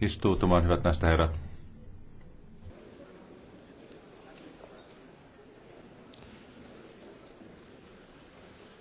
istuutumaan, hyvät näistä herrat.